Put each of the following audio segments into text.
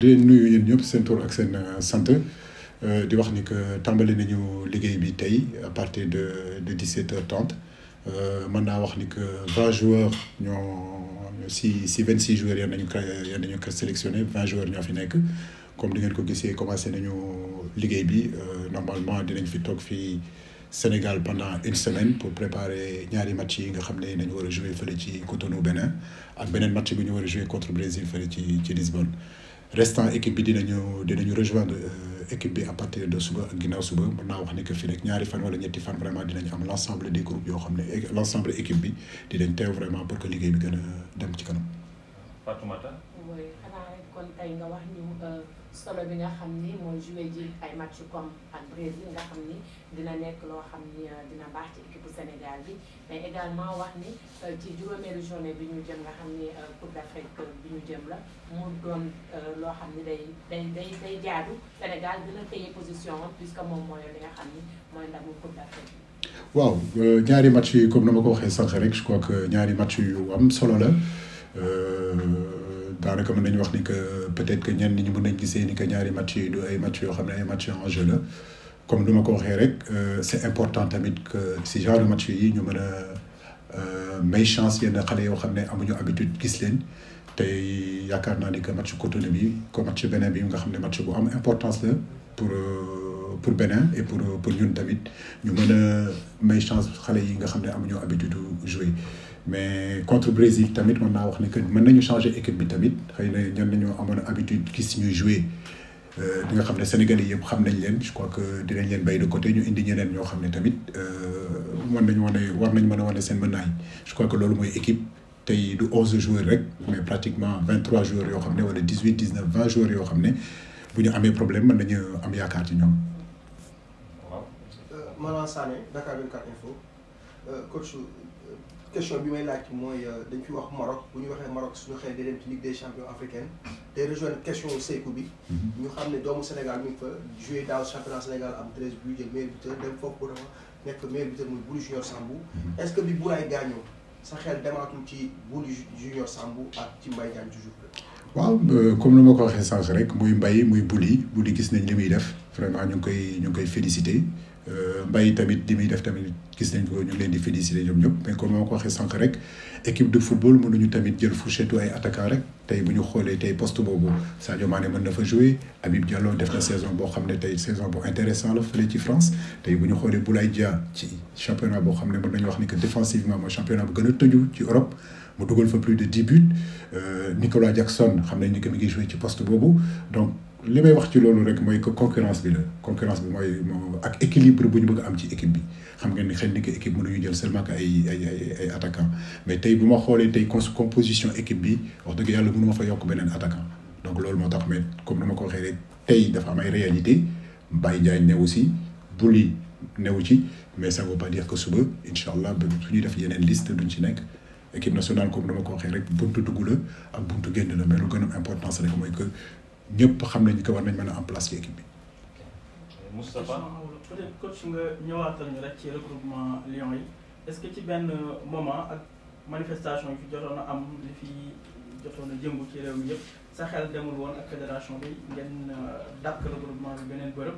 di nuyu yéen ñëpp seen tour ak seen euh, sant euh, di wax ni que tàmbali nañu liggéey bi tey à partir de de dix sept heures trente euh, mën naa wax ni que vingt joueurs ñoo si si vingt six joueurs yéen nañu yéen nañu ko sélectionné vingt joueurs ñoo fi nekk comme di ngeen ko gisee commencé nañu liggéey bi normalement dinañ fi toog fii Sénégal pendant une semaine pour préparer ñaari match yi nga xam ne nañu war a jouer fële ci Cotonou Bénin ak beneen match bi ñu war a jouer contre Brésil fële ci ci Lisbonne restant équipe bi dinañu dinañu rejoindre euh, équipe bi à partir de suba ak ginnaaw suba mën naa wax ne que fii rek ñaari fan wala ñetti fan vraiment dinañu am l' ensemble des groupes yoo xam ne l' ensemble équipe bi dinañ teew vraiment pour que liggéey bi gën a dem ci kanam. Fatoumata. mooy xanaa kon tey nga wax ñu. Euh, solo bi nga xam ni mooy joué ji ay match comme ak Brésil nga xam ni dina nekk loo xam ni euh, dina baax ci équipe Sénégal bi mais également wax ni euh, ci juróomeelu journée bi ñu jëm nga xam ni euh, Coupe d'Afrique bi ñu jëm la mu doon loo xam ni day day day day jaadu Sénégal dina téye position puisque moom mooy li nga xam ni mooy ndamu Coupe d'Afrique bi. waaw ñaari match yi comme na ma ko waxee sànq rek je crois que ñaari match yu am solo la daanaka mën nañu wax ni que euh, peut-être que ñen ñi mën nañ gisee ni que ñaari match yi du ay match yoo xam ne ay match en jeu la comme ni ma ko waxee rek euh, c'est important tamit que si genre match yi ñu mën a euh, may chance yenn xale yoo xam ne amuñu habitude gis leen tey yaakaar naa ni que match Cotonou bi ko match Bénin bi nga xam ne match bu am importance la pour pour Bénin et pour pour ñun tamit ñu mën a may chance xale yi nga xam ne amuñu habitude jouer mais contre Brésil tamit mën naa wax ne que mën nañu changer équipe bi tamit xëy na ñan nañoo amoon habitude gis ñu jouer di euh, nga xam ne Sénégal yi yëpp xam nañ leen je crois que dinañ leen bay de côté ñu indi ñeneen ñoo xam ne tamit mën euh, nañu wane war nañ mën a wane seen mënaay je crois que loolu mooy équipe tey du 11 joueurs rek mais pratiquement 23 joueurs yoo xam ne wala 18 19 20 joueurs yoo xam ne bu ñu amee problème mën nañu am yaakaar ci ñoom. waaw. Euh, Malang Sané Dakar 24 info coach question bi may laaj mooy euh, dañ fi wax Maroc bu ñu waxee Maroc suñu xel day dem ci Ligue des champions africaine day rejoindre question Sékou bi. Mhm. ñu xam ne doomu Sénégal mi ngi fa joué daaw championnat Sénégal am 13 buts jël meilleur buteur dem foofu pour nekk meilleur buteur muy Bouli Junior Sambou mhm. est-ce que bi Boulaye gaañoo sa xel demaatul ci Bouli Junior Sambou ak ci Mbaye Diagne toujours. waaw euh, comme ni ma ko waxee sànq rek muy Mbaye muy Bouli Bouli gis nañ li muy def vraiment ñu ngi koy ñu ngi koy féliciter. Euh, mbay tamit di def tamit gis ko ñu mais comme rek équipe de football mënuñu tamit jël fourchette ay attaquant rek tey bu ñu xoolee poste boobu Sadio fa jouer Habib Diallo def saison saison intéressant le ci France tey bu ñu Boulaye Dia championnat défensivement championnat bu Europe plus de buts euh, Nicolas Jackson ni poste donc li may wax ci loolu rek mooy que concurrence bi la concurrence bi mooy ak équilibre bu ñu bëgg am ci équipe bi xam ngeen ni xëy na équipe mënuñu jël seulement que ay ay ay ay attaquant mais tey bu ma xoolee tey composition équipe bi wax dëgg yàlla mënuma fa yokk beneen attaquant donc loolu moo tax mais comme dama ko waxee rek tey dafa am ay réalité Baye ne newu si ne newu ci mais ça veut pas dire que suba incha allah ba su ñuy def yeneen liste duñ ci nekk équipe nationale comme dama ko waxee rek buntu dugg la ak buntu génn la mais lu gën a importance rek mooy que ñëpp xam nañ que war nañ mën a en place ci équipe bi. Moustapha peut-être coach nga ñëwaatal ñu rek ci regroupement Lyon yi est-ce que ci benn moment ak manifestation yi fi jotoon a am li fi jotoon a jëngu ci réew mi yëpp sa xel demul woon ak fédération bi ngeen euh, dàq regroupement bi beneen bërëb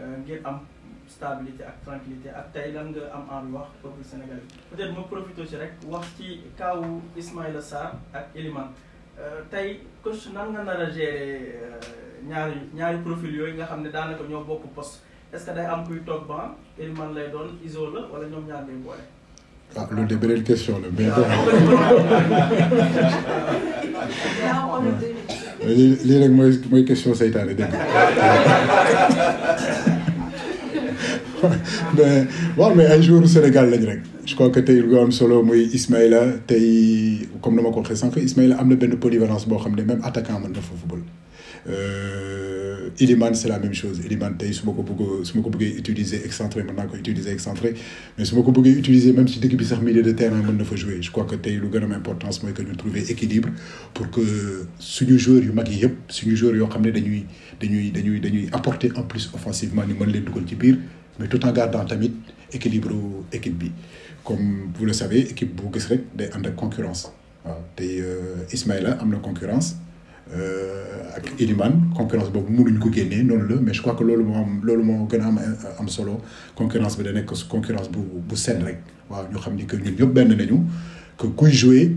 euh, ngir am stabilité ak tranquillité ak tey lan nga am envie wax peuple sénégalais peut-être ma profité ci rek wax ci kaawu Ismaïla Sarr ak Elimane euh, tey coach nan nga nar a gérer euh, ñaari ñaari profil yooyu nga xam ne daanaka ñoo bokk poste est-ce que day am kuy toog ban man lay doon Iso la wala ñoom ñaar ngay boole. ah loolu de beneen question la mais. Ah, lii rek mooy mooy question seytaane dégg ben waaw mais ay joueurs Sénégal lañ rek je crois que tey lu am solo muy Ismaïla tey comme na ma ko waxee sànq Ismaïla am na benn polyvalence boo xam ne même attaquant mën na fa football. Euh, Iliman c' est la même chose Iliman tey su ma ko bëgg su ma ko bëggee utiliser excentré mën naa ko utiliser excentré mais su ma ko bëggee utiliser même si dëkk bi sax milieu de terrain mën na fa jouer je crois que tey lu gën a am importance mooy que ñu trouver équilibre pour que suñu joueur yu mag yi yëpp suñu joueur yoo xam ne dañuy dañuy dañuy dañuy apporter en plus offensivement ñu mën leen dugal ci biir mais tout en gardant tamit équilibre équipe bi comme vous le savez équipe bu gis rek day ànd concurrence waaw euh, Ismaïla am concurrence concurrence euh, ak Elimane concurrence boobu mënuñ ko génnee non le mais je crois que lolu moo am loolu am euh, am solo concurrence bi da nekk concurrence bu bu saine rek waaw ñu xamni que ñun ñëpp ben nañu que kuy jouer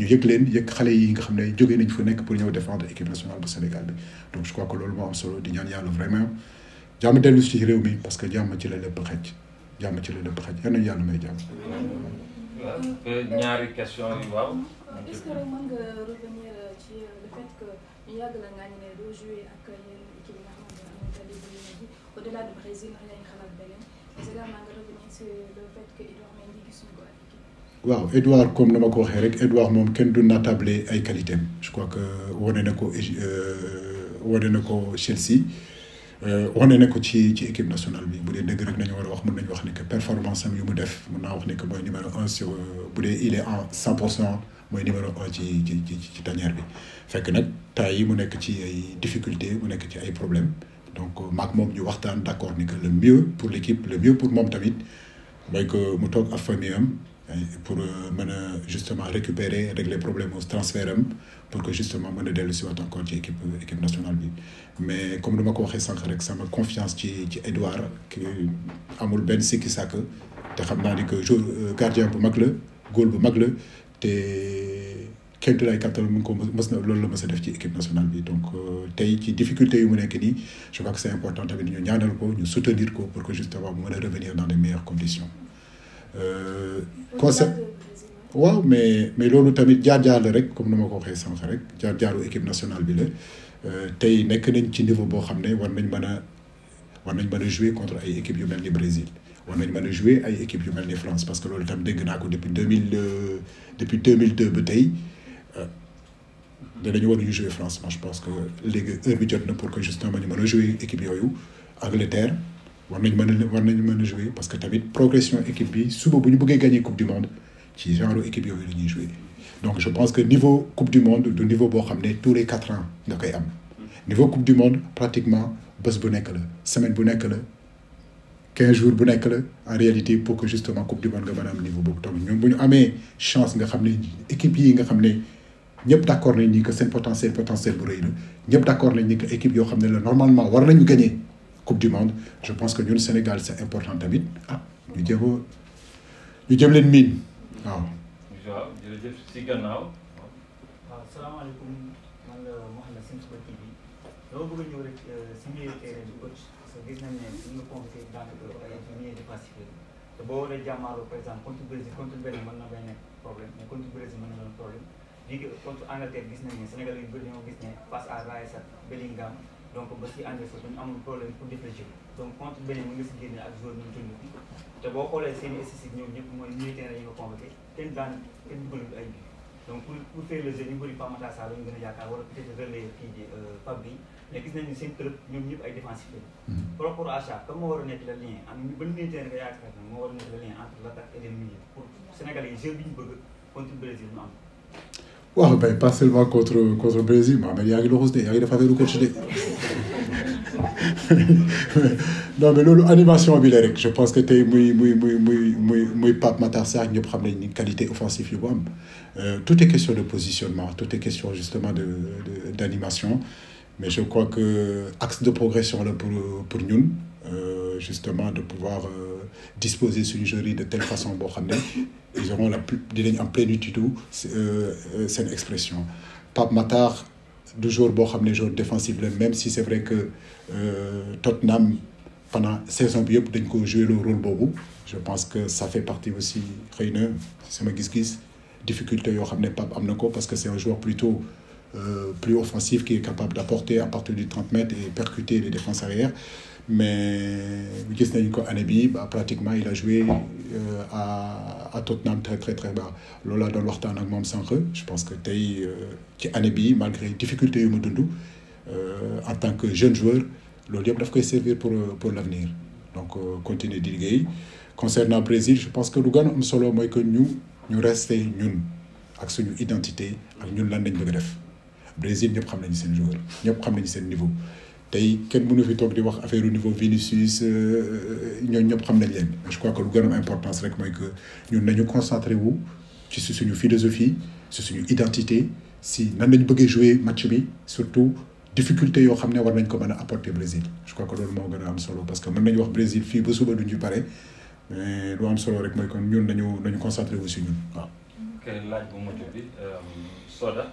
ñu yëg leen yëg xale yi nga xam ne jógee nañ fa nekk pour ñëw défendre équipe nationale bu Sénégal bi donc je crois que loolu moo am solo di ñaan yàlla vraiment jàmm dellu ci réew mi parce que jàmm ci la lépp xëj jàmm ci la lépp xëj yal nañu yàlla may jàmm. Euh, ñaari question yi waaw. est-ce que mën nga revenir euh, ci euh, le fait que ñu yàgg la nga ne doo jouer ak yenn équipe yi nga xamante ne amul tali bi au-delà du Brésil nga xalaat beneen mais également nga revenir sur le fait que Edouard Mendy gisuñu ko waaw Edouard comme ni ma ko waxee rek Edouard moom kenn du natable ay qualité am je crois que wane na ko euh, wane na ko Chelsea euh, wane na ko ci ci équipe nationale bi bu dee dëgg rek nañu war a wax mën nañu wax ne que performance am yu mu def mën naa wax ne que mooy numéro un sur euh, bu dee il est en cent pour cent mooy numéro un ci ci ci ci tanière bi fekk nag temps yi mu nekk ci ay difficultés mu nekk ci ay problèmes donc maag moom ñu waxtaan d' accord ni que le mieux pour l' équipe le mieux pour moom tamit mooy que mu toog ak famille am pour euh, justement récupérer régler problème au transfert pour que justement mon a encore ci équipe équipe nationale mais comme je l'ai dit, avec sànq ma confiance ci Edouard qui amul un sikki sàkk te xam naa euh, gardien pour Macle goal pour bu et la te kenn du lay kattan mu ngi ko mës na équipe nationale donc euh, tey ci difficulté yu mu nekk je crois que c'est important de ñu ñaanal ko ñu soutenir pour que justement mon revenir dans les meilleures conditions euh, concept waaw mais mais lolo tamit jaar-jaar rek comme ni ko waxe sans rek jaar-jaaru équipe nationale bi euh tay nek nañ ci niveau bo xamné war nañ mëna war nañ mëna jouer contre ay équipe yu mel ni Brésil war nañ mën jouer ay équipe yu mel ni France parce que lolo tam dégg na ko depuis 2002 euh, depuis 2002 mille deux ba tey danañu euh, a jouer France moi je pense que les heure bi jot na pour que justement ñu mëna jouer équipe yooyu Angleterre war nañ mën a war nañ mën a jouer parce que tamit progression équipe bi suba bu ñu bëggee gagner coupe du monde ci genre équipe yooyu la ñuy jouer donc je pense que niveau coupe du monde du niveau boo xam ne tous les quatre ans nga koy am niveau coupe du monde pratiquement bés bu nekk la semaine bu nekk la quinze jours bu nekk la en réalité pour que justement coupe du monde nga mën a am niveau boobu tamit ñoom bu ñu amee chance nga xam ne équipe yi nga xam ne ñëpp d' accord nañ ni que seen potentiel potentiel bu rëy la ñëpp d' accord nañ ni que équipe yoo xam ne la normalement war nañu gagner du Monde je pense que le Sénégal c'est important David. ah il y a à donc ba si ànd sax dañu amul problème pour réfléchir donc contre mu ngi si génne ak zone ñu tund bi te boo xoolee seen ñoom ñëpp mooy militaire la ñu ko convoqué kenn daan kenn dugalul a yaakaar wala peut-être relayer kii di euh, Pape gis nañu seen ñoom ñëpp ay défensif la hmm. par rapport à ça a nekk le lien am ban militaire nga yaakaar ne moo war a nekk le lien entre l'attaque et le milieu pour Sénégalais yi jeu bi ñu bëgg contre am ben, pas seulement contre, contre le Brésil, mais il y a le Rosé, il y a le Favelo coach. non, mais l'animation Je pense que c'est muy Pape Matar il y a une qualité offensive. Euh, tout est question de positionnement, tout est question justement d'animation. De, de, mais je crois que axe de progression là, pour, pour nous, euh, justement, de pouvoir. Euh, disposer sur une jury de telle façon ils auront la plus du am c'est une euh, euh, expression Pape Matar toujours jour joueur défensif même si c'est vrai que euh, Tottenham pendant saison bi a joué jouer le rôle Bobu, je pense que ça fait partie aussi de c'est difficulté de Pab parce que c'est un joueur plutôt plus offensif qui est capable d'apporter à partir du 30 mètres et percuter les défenses arrière mais gis nañu ko année bi ba pratiquement il a joué euh, à à Tottenham très très très bas Lola laa doon waxtaan ak moom sànq je pense que tey euh, ci année bi malgré difficultés yu mu euh, en tant que jeune joueur loolu yëpp daf servir pour pour l'avenir donc continuer di liggéey concernant Brésil je pense que lu gën a solo mooy que ñu ñu rester ñun ak suñu identité ak ñun lan lañ def Brésil ñëpp xam un seen joueur ñëpp xam un niveau tey kenn mënu fi toog di wax affaire au niveau Vinicius euh, euh, ñooñu ñëpp xam nañ leen je crois que lu gën a importance rek mooy que ñun nañu concentré wu ci suñu philosophie ci suñu identité si nan lañ bëggee jouer match bi surtout difficulté yoo xam ne war nañ ko mën a apporter Brésil je crois que loolu moo gën a am solo parce que mën nañu wax Brésil fii ba suba duñu pare mais lu am solo rek mooy kon ñun nañu nañu concentré wu si ñun waaw. ok laaj bu mujj bi euh, Soda.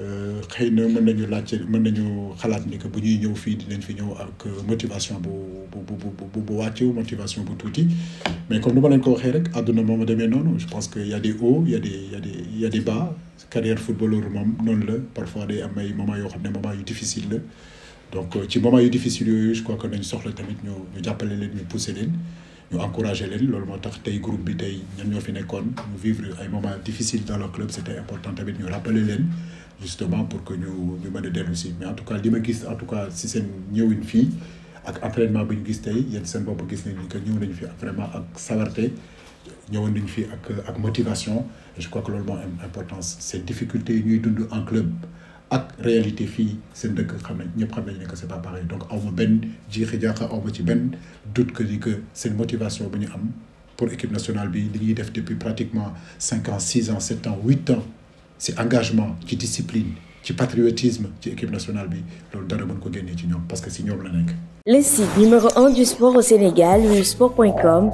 Euh, xëy na mën nañu laajte mën nañu xalaat ni que bu ñuy ñëw fii dinañ fi ñëw ak euh, motivation bu bu bu bu bu wàccu motivation bu tuuti mais comme ni ma leen ko waxee rek àdduna moom a demee noonu je pense que y a des hauts y a des y a des y a des bas carrière footballeur moom noonu la parfois day am ay moments yoo xam ne moments yu difficile la donc euh, ci moments yu difficile yooyu je crois que nañ soxla tamit ñu ñu jàppale leen ñu pousser leen ñu encouragé leen loolu moo tax tey groupe bi tey ñan ñoo fi vivre ay moments difficiles dans le club c'était était important tamit ñu rappeler leen justement pour que ñu ñu mën a dellu mais en tout cas li ma en tout cas si seen ñëwin fii ak entraînement bi ñu gis tey yéen seen bopp gis nañ ni que ñëw nañu fi vraiment ak sawarte ñëwoon nañu fi ak ak motivation je crois que loolu moo am importance ces difficultés ñuy dund en club ak réalité fii seen dëkk xam nañ ñëpp xam ne c'est pas pareil donc on ma benn jiixi jaaxa aw ci doute que c'est que motivation am pour équipe nationale bi li def depuis pratiquement 5 ans 6 ans 7 ans 8 ans c'est engagement ci discipline ci patriotisme ci équipe nationale bi loolu dara mën ko génnee ci ñoom parce que c'est ñoom la nekk. Le site numéro 1 du sport au Sénégal, sport.com,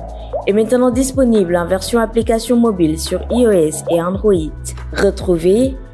est maintenant disponible en version application mobile sur iOS et Android. Retrouvez